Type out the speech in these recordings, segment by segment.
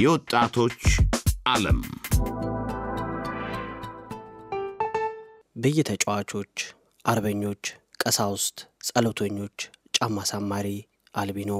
የወጣቶች ዓለም በየተጫዋቾች አርበኞች፣ ቀሳውስት፣ ጸሎተኞች፣ ጫማ ሳማሪ፣ አልቢኖ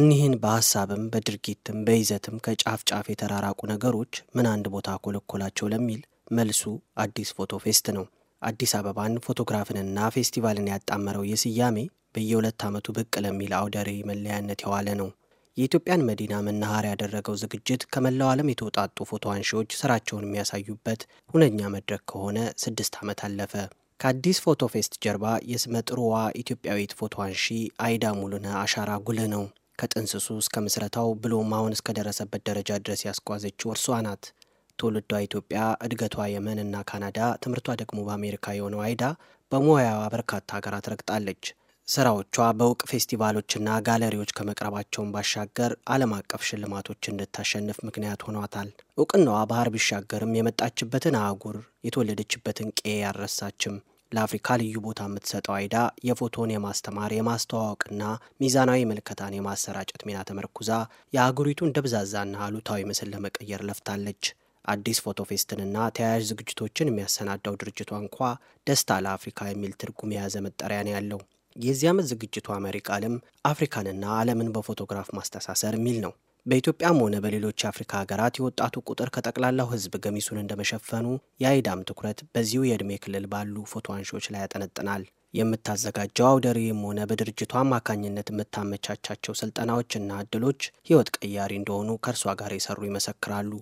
እኒህን በሐሳብም በድርጊትም በይዘትም ከጫፍ ጫፍ የተራራቁ ነገሮች ምን አንድ ቦታ ኮለኮላቸው ለሚል መልሱ አዲስ ፎቶ ፌስት ነው። አዲስ አበባን ፎቶግራፍንና ፌስቲቫልን ያጣመረው የስያሜ ስያሜ በየሁለት ዓመቱ ብቅ ለሚል አውደ ርዕይ መለያነት የዋለ ነው። የኢትዮጵያን መዲና መናኸሪያ ያደረገው ዝግጅት ከመላው ዓለም የተውጣጡ ፎቶ አንሺዎች ስራቸውን የሚያሳዩበት ሁነኛ መድረክ ከሆነ ስድስት ዓመት አለፈ። ከአዲስ ፎቶ ፌስት ጀርባ የስመጥሮዋ ኢትዮጵያዊት ፎቶ አንሺ አይዳ ሙሉነ አሻራ ጉልህ ነው። ከጥንስሱ እስከ ምስረታው ብሎም አሁን እስከደረሰበት ደረጃ ድረስ ያስጓዘችው እርሷ ናት። ትውልዷ ኢትዮጵያ፣ እድገቷ የመን እና ካናዳ፣ ትምህርቷ ደግሞ በአሜሪካ የሆነው አይዳ በሙያዋ በርካታ ሀገራት ረግጣለች። ስራዎቿ በእውቅ ፌስቲቫሎችና ጋለሪዎች ከመቅረባቸውን ባሻገር ዓለም አቀፍ ሽልማቶች እንድታሸንፍ ምክንያት ሆኗታል። እውቅናዋ ባህር ቢሻገርም የመጣችበትን አህጉር የተወለደችበትን ቄ ያረሳችም ለአፍሪካ ልዩ ቦታ የምትሰጠው አይዳ የፎቶን የማስተማር የማስተዋወቅና ሚዛናዊ ምልከታን የማሰራጨት ሚና ተመርኩዛ የአህጉሪቱን ደብዛዛና አሉታዊ ምስል ለመቀየር ለፍታለች። አዲስ ፎቶ ፌስትንና ተያያዥ ዝግጅቶችን የሚያሰናዳው ድርጅቷ እንኳ ደስታ ለአፍሪካ የሚል ትርጉም የያዘ መጠሪያ ነው ያለው። የዚህ ዓመት ዝግጅቱ መሪ ቃልም አፍሪካንና ዓለምን በፎቶግራፍ ማስተሳሰር የሚል ነው። በኢትዮጵያም ሆነ በሌሎች የአፍሪካ ሀገራት የወጣቱ ቁጥር ከጠቅላላው ሕዝብ ገሚሱን እንደመሸፈኑ የአይዳም ትኩረት በዚሁ የዕድሜ ክልል ባሉ ፎቶ አንሺዎች ላይ ያጠነጥናል። የምታዘጋጀው አውደ ርዕይም ሆነ በድርጅቷ አማካኝነት የምታመቻቻቸው ስልጠናዎችና እድሎች ህይወት ቀያሪ እንደሆኑ ከእርሷ ጋር የሰሩ ይመሰክራሉ።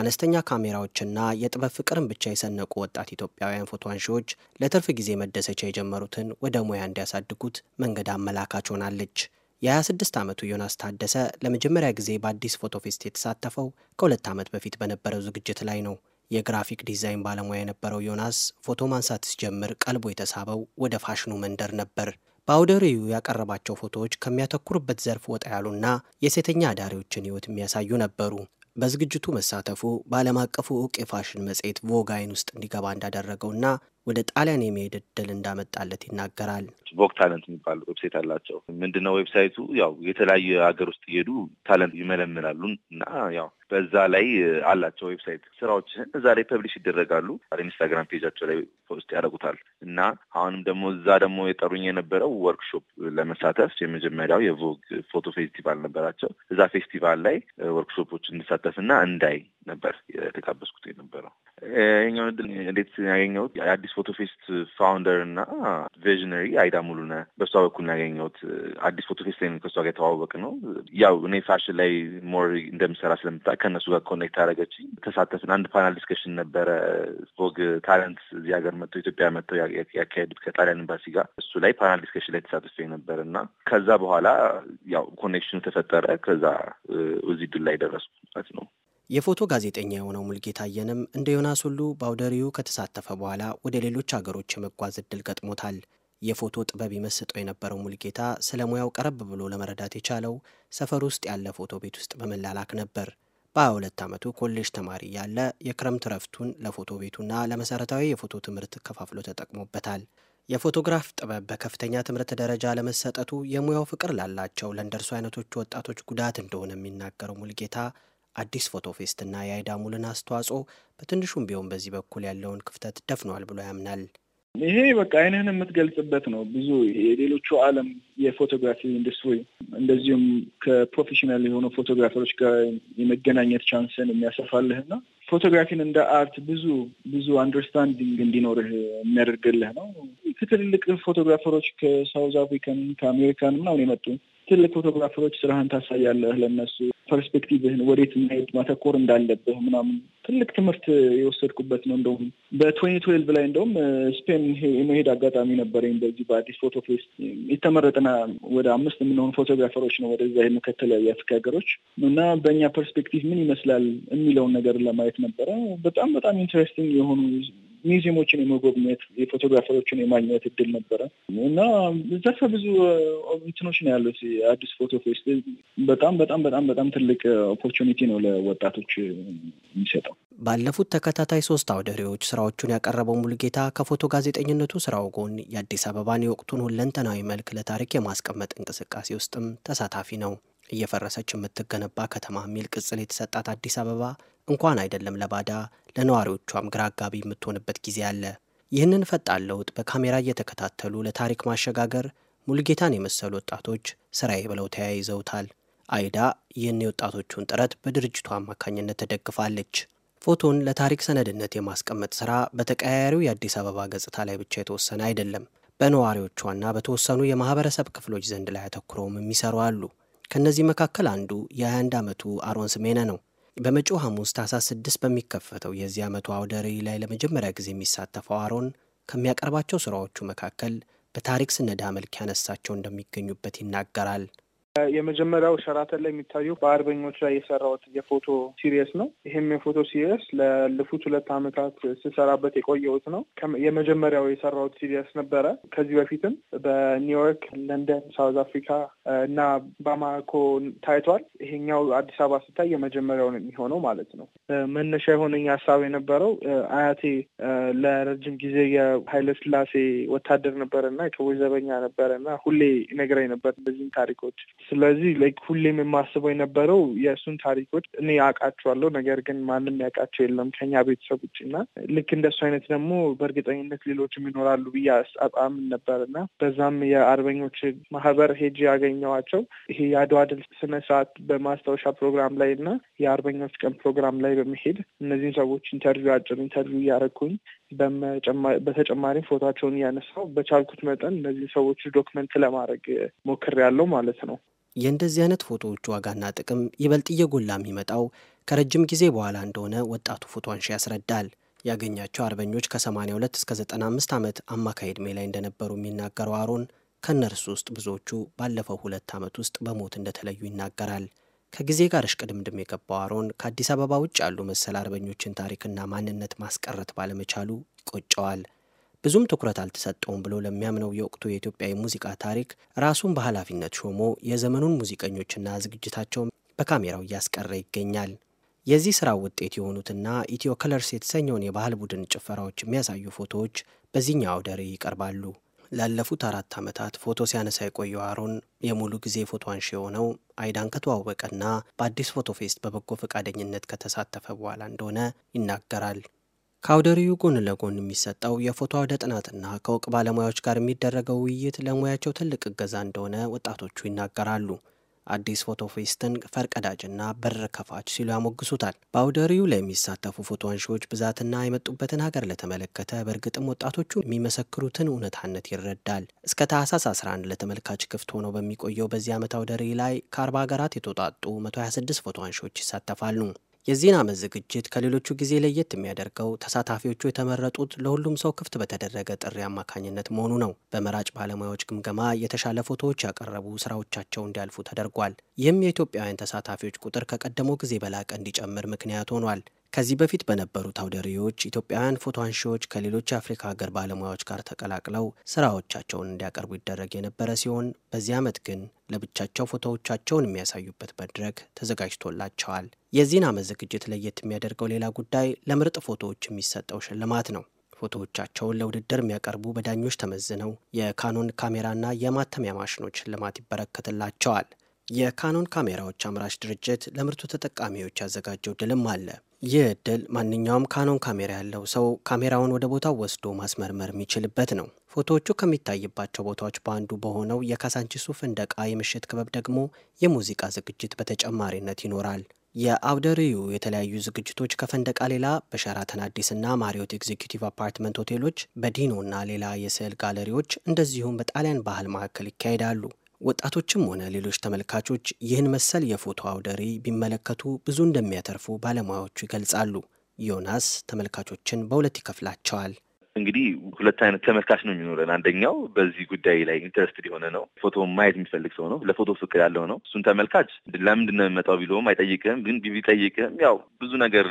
አነስተኛ ካሜራዎችና የጥበብ ፍቅርን ብቻ የሰነቁ ወጣት ኢትዮጵያውያን ፎቶ አንሺዎች ለትርፍ ጊዜ መደሰቻ የጀመሩትን ወደ ሙያ እንዲያሳድጉት መንገድ አመላካች ሆናለች። የ26 ዓመቱ ዮናስ ታደሰ ለመጀመሪያ ጊዜ በአዲስ ፎቶ ፌስት የተሳተፈው ከሁለት ዓመት በፊት በነበረው ዝግጅት ላይ ነው። የግራፊክ ዲዛይን ባለሙያ የነበረው ዮናስ ፎቶ ማንሳት ሲጀምር ቀልቦ የተሳበው ወደ ፋሽኑ መንደር ነበር። በአውደ ርዕዩ ያቀረባቸው ፎቶዎች ከሚያተኩርበት ዘርፍ ወጣ ያሉና የሴተኛ አዳሪዎችን ሕይወት የሚያሳዩ ነበሩ። በዝግጅቱ መሳተፉ በዓለም አቀፉ እውቅ የፋሽን መጽሔት ቮጋይን ውስጥ እንዲገባ እንዳደረገውና ወደ ጣሊያን የመሄድ እድል እንዳመጣለት ይናገራል። ቮግ ታለንት የሚባል ዌብሳይት አላቸው። ምንድነው ዌብሳይቱ? ያው የተለያየ ሀገር ውስጥ እየሄዱ ታለንት ይመለምላሉ እና ያው በዛ ላይ አላቸው ዌብሳይት ስራዎችህን እዛ ላይ ፐብሊሽ ይደረጋሉ። ኢንስታግራም ፔጃቸው ላይ ፖስት ያደርጉታል እና አሁንም ደግሞ እዛ ደግሞ የጠሩኝ የነበረው ወርክሾፕ ለመሳተፍ የመጀመሪያው የቮግ ፎቶ ፌስቲቫል ነበራቸው። እዛ ፌስቲቫል ላይ ወርክሾፖች እንድሳተፍ እና እንዳይ ነበር የተጋበዝኩት የነበረው። የኛውን እድል እንዴት ያገኘሁት የአዲስ ፎቶ ፌስት ፋውንደር እና ቪዥነሪ አይዳ ሙሉነ በሷ በኩል ያገኘሁት አዲስ ፎቶ ፌስት ላይ ከሷ ጋር የተዋወቅ ነው። ያው እኔ ፋሽን ላይ ሞር እንደምሰራ ስለምታ ከእነሱ ጋር ኮኔክት አደረገች። ተሳተፍን። አንድ ፓናል ዲስከሽን ነበረ ቮግ ታለንት እዚህ ሀገር መጥተው ኢትዮጵያ መጥተው ያካሄዱት ከጣሊያን ኤምባሲ ጋር እሱ ላይ ፓናል ዲስከሽን ላይ ተሳትፌ ነበር እና ከዛ በኋላ ያው ኮኔክሽኑ ተፈጠረ። ከዛ እዚህ ድል ላይ ደረስኩ ማለት ነው። የፎቶ ጋዜጠኛ የሆነው ሙልጌታ አየንም እንደ ዮናስ ሁሉ በአውደሪው ከተሳተፈ በኋላ ወደ ሌሎች አገሮች የመጓዝ እድል ገጥሞታል። የፎቶ ጥበብ ይመስጠው የነበረው ሙልጌታ ስለ ሙያው ቀረብ ብሎ ለመረዳት የቻለው ሰፈር ውስጥ ያለ ፎቶ ቤት ውስጥ በመላላክ ነበር። በ22 ዓመቱ ኮሌጅ ተማሪ ያለ የክረምት ረፍቱን ለፎቶ ቤቱና ለመሰረታዊ የፎቶ ትምህርት ከፋፍሎ ተጠቅሞበታል። የፎቶግራፍ ጥበብ በከፍተኛ ትምህርት ደረጃ ለመሰጠቱ የሙያው ፍቅር ላላቸው ለእንደርሱ አይነቶቹ ወጣቶች ጉዳት እንደሆነ የሚናገረው ሙልጌታ አዲስ ፎቶ ፌስትና የአይዳ ሙልን አስተዋጽኦ በትንሹም ቢሆን በዚህ በኩል ያለውን ክፍተት ደፍኗል ብሎ ያምናል። ይሄ በቃ አይንህን የምትገልጽበት ነው። ብዙ የሌሎቹ ዓለም የፎቶግራፊ ኢንዱስትሪ እንደዚሁም ከፕሮፌሽናል የሆኑ ፎቶግራፈሮች ጋር የመገናኘት ቻንስን የሚያሰፋልህና ፎቶግራፊን እንደ አርት ብዙ ብዙ አንደርስታንዲንግ እንዲኖርህ የሚያደርግልህ ነው። ከትልልቅ ፎቶግራፈሮች ከሳውዝ አፍሪካን ከአሜሪካን ምናምን የመጡ ትልቅ ፎቶግራፈሮች ስራህን ታሳያለህ ለነሱ ፐርስፔክቲቭህን ወዴት ማየት ማተኮር እንዳለብህ ምናምን ትልቅ ትምህርት የወሰድኩበት ነው። እንደውም በትዌንቲ ትዌልቭ ላይ እንደውም ስፔን የመሄድ አጋጣሚ ነበረኝ። በዚህ በአዲስ ፎቶ ፌስ የተመረጠና ወደ አምስት የምንሆኑ ፎቶግራፈሮች ነው ወደዛ ሄድነው ከተለያዩ አፍሪካ ሀገሮች እና በእኛ ፐርስፔክቲቭ ምን ይመስላል የሚለውን ነገር ለማየት ነበረ። በጣም በጣም ኢንትረስቲንግ የሆኑ ሚውዚየሞችን የመጎብኘት የፎቶግራፈሮችን የማግኘት እድል ነበረ እና ዘርፈ ብዙ እንትኖች ነው ያሉት። አዲስ ፎቶ ፌስት በጣም በጣም በጣም በጣም ትልቅ ኦፖርቹኒቲ ነው ለወጣቶች የሚሰጠው። ባለፉት ተከታታይ ሶስት አውደሬዎች ስራዎቹን ያቀረበው ሙሉጌታ ከፎቶ ጋዜጠኝነቱ ስራው ጎን የአዲስ አበባን የወቅቱን ሁለንተናዊ መልክ ለታሪክ የማስቀመጥ እንቅስቃሴ ውስጥም ተሳታፊ ነው። እየፈረሰች የምትገነባ ከተማ የሚል ቅጽል የተሰጣት አዲስ አበባ እንኳን አይደለም ለባዳ ለነዋሪዎቿም ግራ አጋቢ የምትሆንበት ጊዜ አለ። ይህንን ፈጣን ለውጥ በካሜራ እየተከታተሉ ለታሪክ ማሸጋገር ሙልጌታን የመሰሉ ወጣቶች ስራዬ ብለው ተያይዘውታል። አይዳ ይህን የወጣቶቹን ጥረት በድርጅቱ አማካኝነት ትደግፋለች። ፎቶን ለታሪክ ሰነድነት የማስቀመጥ ስራ በተቀያያሪው የአዲስ አበባ ገጽታ ላይ ብቻ የተወሰነ አይደለም። በነዋሪዎቿና በተወሰኑ የማህበረሰብ ክፍሎች ዘንድ ላይ አተኩረውም የሚሰሩ አሉ። ከእነዚህ መካከል አንዱ የ21 ዓመቱ አሮን ስሜነ ነው። በመጪው ሐሙስ ታህሳስ ስድስት በሚከፈተው የዚህ ዓመቱ አውደ ርዕይ ላይ ለመጀመሪያ ጊዜ የሚሳተፈው አሮን ከሚያቀርባቸው ስራዎቹ መካከል በታሪክ ስነዳ መልክ ያነሳቸው እንደሚገኙበት ይናገራል። የመጀመሪያው ሸራተን ላይ የሚታየው በአርበኞች ላይ የሰራሁት የፎቶ ሲሪየስ ነው። ይህም የፎቶ ሲሪየስ ላለፉት ሁለት ዓመታት ስሰራበት የቆየሁት ነው። የመጀመሪያው የሰራሁት ሲሪየስ ነበረ። ከዚህ በፊትም በኒውዮርክ፣ ለንደን፣ ሳውዝ አፍሪካ እና ባማኮ ታይቷል። ይሄኛው አዲስ አበባ ስታይ የመጀመሪያው ነው የሚሆነው ማለት ነው። መነሻ የሆነኝ ሀሳብ የነበረው አያቴ ለረጅም ጊዜ የኃይለ ስላሴ ወታደር እና የክቡር ዘበኛ እና ሁሌ ይነግረኝ ነበር እንደዚህም ታሪኮች ስለዚህ ላይክ ሁሌም የማስበው የነበረው የእሱን ታሪኮች እኔ አውቃቸዋለሁ፣ ነገር ግን ማንም ያውቃቸው የለም ከኛ ቤተሰብ ውጭ እና ልክ እንደሱ አይነት ደግሞ በእርግጠኝነት ሌሎችም ይኖራሉ ብዬ አጣምን ነበር እና በዛም የአርበኞች ማህበር ሄጅ ያገኘዋቸው ይሄ የአድዋ ድል ስነስርዓት በማስታወሻ ፕሮግራም ላይ እና የአርበኞች ቀን ፕሮግራም ላይ በመሄድ እነዚህን ሰዎች ኢንተርቪው አጭር ኢንተርቪው እያደረግኩኝ በተጨማሪም ፎቶቸውን እያነሳው በቻልኩት መጠን እነዚህ ሰዎች ዶክመንት ለማድረግ ሞክሬያለሁ ማለት ነው። የእንደዚህ አይነት ፎቶዎች ዋጋና ጥቅም ይበልጥ እየጎላ የሚመጣው ከረጅም ጊዜ በኋላ እንደሆነ ወጣቱ ፎቶ አንሺ ያስረዳል። ያገኛቸው አርበኞች ከ82 እስከ 95 ዓመት አማካይ ዕድሜ ላይ እንደነበሩ የሚናገረው አሮን ከእነርሱ ውስጥ ብዙዎቹ ባለፈው ሁለት ዓመት ውስጥ በሞት እንደተለዩ ይናገራል። ከጊዜ ጋር እሽቅድምድም የገባው አሮን ከአዲስ አበባ ውጭ ያሉ መሰል አርበኞችን ታሪክና ማንነት ማስቀረት ባለመቻሉ ይቆጨዋል። ብዙም ትኩረት አልተሰጠውም ብሎ ለሚያምነው የወቅቱ የኢትዮጵያ የሙዚቃ ታሪክ ራሱን በኃላፊነት ሾሞ የዘመኑን ሙዚቀኞችና ዝግጅታቸውን በካሜራው እያስቀረ ይገኛል። የዚህ ስራ ውጤት የሆኑትና ኢትዮ ከለርስ የተሰኘውን የባህል ቡድን ጭፈራዎች የሚያሳዩ ፎቶዎች በዚህኛው አውደ ርዕይ ይቀርባሉ። ላለፉት አራት ዓመታት ፎቶ ሲያነሳ የቆየው አሮን የሙሉ ጊዜ ፎቶ አንሺ የሆነው አይዳን ከተዋወቀና በአዲስ ፎቶ ፌስት በበጎ ፈቃደኝነት ከተሳተፈ በኋላ እንደሆነ ይናገራል። ከአውደ ርዕዩ ጎን ለጎን የሚሰጠው የፎቶ አውደ ጥናትና ከእውቅ ባለሙያዎች ጋር የሚደረገው ውይይት ለሙያቸው ትልቅ እገዛ እንደሆነ ወጣቶቹ ይናገራሉ። አዲስ ፎቶ ፌስትን ፈርቀዳጅና በር ከፋች ሲሉ ያሞግሱታል። በአውደ ርዕዩ ላይ የሚሳተፉ ፎቶ አንሺዎች ብዛትና የመጡበትን ሀገር ለተመለከተ በእርግጥም ወጣቶቹ የሚመሰክሩትን እውነታነት ይረዳል። እስከ ታህሳስ 11 ለተመልካች ክፍት ሆኖ በሚቆየው በዚህ ዓመት አውደ ርዕይ ላይ ከ40 ሀገራት የተውጣጡ 126 ፎቶ አንሺዎች ይሳተፋሉ። የዚህን ዓመት ዝግጅት ከሌሎቹ ጊዜ ለየት የሚያደርገው ተሳታፊዎቹ የተመረጡት ለሁሉም ሰው ክፍት በተደረገ ጥሪ አማካኝነት መሆኑ ነው። በመራጭ ባለሙያዎች ግምገማ የተሻለ ፎቶዎች ያቀረቡ ስራዎቻቸው እንዲያልፉ ተደርጓል። ይህም የኢትዮጵያውያን ተሳታፊዎች ቁጥር ከቀደመው ጊዜ በላቀ እንዲጨምር ምክንያት ሆኗል። ከዚህ በፊት በነበሩት አውደ ርዕዮች ኢትዮጵያውያን ፎቶ አንሺዎች ከሌሎች የአፍሪካ ሀገር ባለሙያዎች ጋር ተቀላቅለው ስራዎቻቸውን እንዲያቀርቡ ይደረግ የነበረ ሲሆን በዚህ ዓመት ግን ለብቻቸው ፎቶዎቻቸውን የሚያሳዩበት መድረክ ተዘጋጅቶላቸዋል። የዚህን ዓመት ዝግጅት ለየት የሚያደርገው ሌላ ጉዳይ ለምርጥ ፎቶዎች የሚሰጠው ሽልማት ነው። ፎቶዎቻቸውን ለውድድር የሚያቀርቡ በዳኞች ተመዝነው የካኖን ካሜራና የማተሚያ ማሽኖች ሽልማት ይበረከትላቸዋል። የካኖን ካሜራዎች አምራች ድርጅት ለምርቱ ተጠቃሚዎች ያዘጋጀው ድልም አለ። ይህ እድል ማንኛውም ካኖን ካሜራ ያለው ሰው ካሜራውን ወደ ቦታው ወስዶ ማስመርመር የሚችልበት ነው። ፎቶዎቹ ከሚታይባቸው ቦታዎች በአንዱ በሆነው የካሳንቺሱ ፈንደቃ የምሽት ክበብ ደግሞ የሙዚቃ ዝግጅት በተጨማሪነት ይኖራል። የአውደ የተለያዩ ዝግጅቶች ከፈንደቃ ሌላ በሸራተን አዲስና ማሪዮት ኤግዚኪቲቭ አፓርትመንት ሆቴሎች፣ በዲኖና ሌላ የስዕል ጋለሪዎች እንደዚሁም በጣሊያን ባህል ማዕከል ይካሄዳሉ። ወጣቶችም ሆነ ሌሎች ተመልካቾች ይህን መሰል የፎቶ አውደ ርዕይ ቢመለከቱ ብዙ እንደሚያተርፉ ባለሙያዎቹ ይገልጻሉ። ዮናስ ተመልካቾችን በሁለት ይከፍላቸዋል። እንግዲህ ሁለት አይነት ተመልካች ነው የሚኖረን። አንደኛው በዚህ ጉዳይ ላይ ኢንተረስትድ የሆነ ነው፣ ፎቶ ማየት የሚፈልግ ሰው ነው፣ ለፎቶ ፍቅር ያለው ነው። እሱን ተመልካች ለምንድን ነው የሚመጣው ቢለውም አይጠይቅም። ግን ቢጠይቅም ያው ብዙ ነገር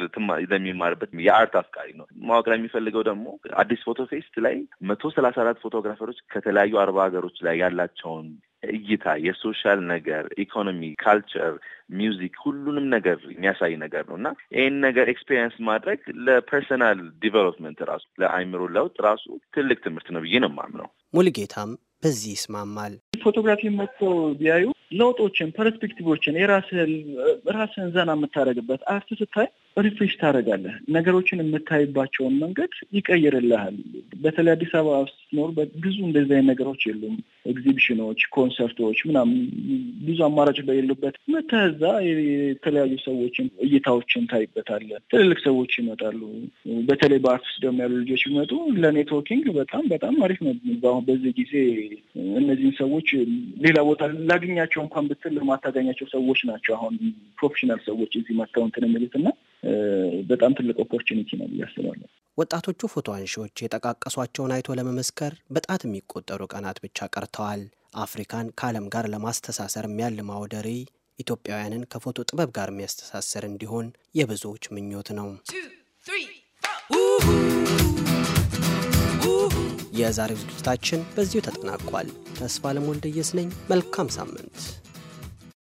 ለሚማርበት የአርት አፍቃሪ ነው። ማወቅ ላይ የሚፈልገው ደግሞ አዲስ ፎቶ ፌስት ላይ መቶ ሰላሳ አራት ፎቶግራፈሮች ከተለያዩ አርባ ሀገሮች ላይ ያላቸውን እይታ፣ የሶሻል ነገር፣ ኢኮኖሚ፣ ካልቸር፣ ሚውዚክ ሁሉንም ነገር የሚያሳይ ነገር ነው እና ይህን ነገር ኤክስፔሪንስ ማድረግ ለፐርሰናል ዲቨሎፕመንት ራሱ ለአይምሮ ለውጥ ራሱ ትልቅ ትምህርት ነው ብዬ ነው የማምነው። ሙልጌታም በዚህ ይስማማል። ፎቶግራፊ መጥቶ ቢያዩ ለውጦችን፣ ፐርስፔክቲቮችን፣ የራስህን ራስህን ዘና የምታደርግበት አርት ስታይ ሪፍሬሽ ታደርጋለህ። ነገሮችን የምታይባቸውን መንገድ ይቀይርልሃል። በተለይ አዲስ አበባ ስትኖር ብዙ እንደዚህ አይነት ነገሮች የሉም። ኤግዚቢሽኖች፣ ኮንሰርቶች ምናምን ብዙ አማራጭ በሌሉበት መተዛ የተለያዩ ሰዎችን እይታዎችን ታይበታለህ። ትልልቅ ሰዎች ይመጣሉ። በተለይ በአርት ውስጥ ደግሞ ያሉ ልጆች ቢመጡ ለኔትወርኪንግ በጣም በጣም አሪፍ ነው። በአሁን በዚህ ጊዜ እነዚህን ሰዎች ሌላ ቦታ ላግኛቸው እንኳን ብትል ለማታገኛቸው ሰዎች ናቸው። አሁን ፕሮፌሽናል ሰዎች እዚህ መጥተው እንትን የሚሉት እና በጣም ትልቅ ኦፖርቹኒቲ ነው ብዬ ወጣቶቹ ፎቶ አንሺዎች የጠቃቀሷቸውን አይቶ ለመመስከር በጣት የሚቆጠሩ ቀናት ብቻ ቀርተዋል። አፍሪካን ከዓለም ጋር ለማስተሳሰር የሚያልማው አውደ ርዕይ ኢትዮጵያውያንን ከፎቶ ጥበብ ጋር የሚያስተሳሰር እንዲሆን የብዙዎች ምኞት ነው። የዛሬው ዝግጅታችን በዚሁ ተጠናቋል። ተስፋ ለሞልደየስ ነኝ። መልካም ሳምንት።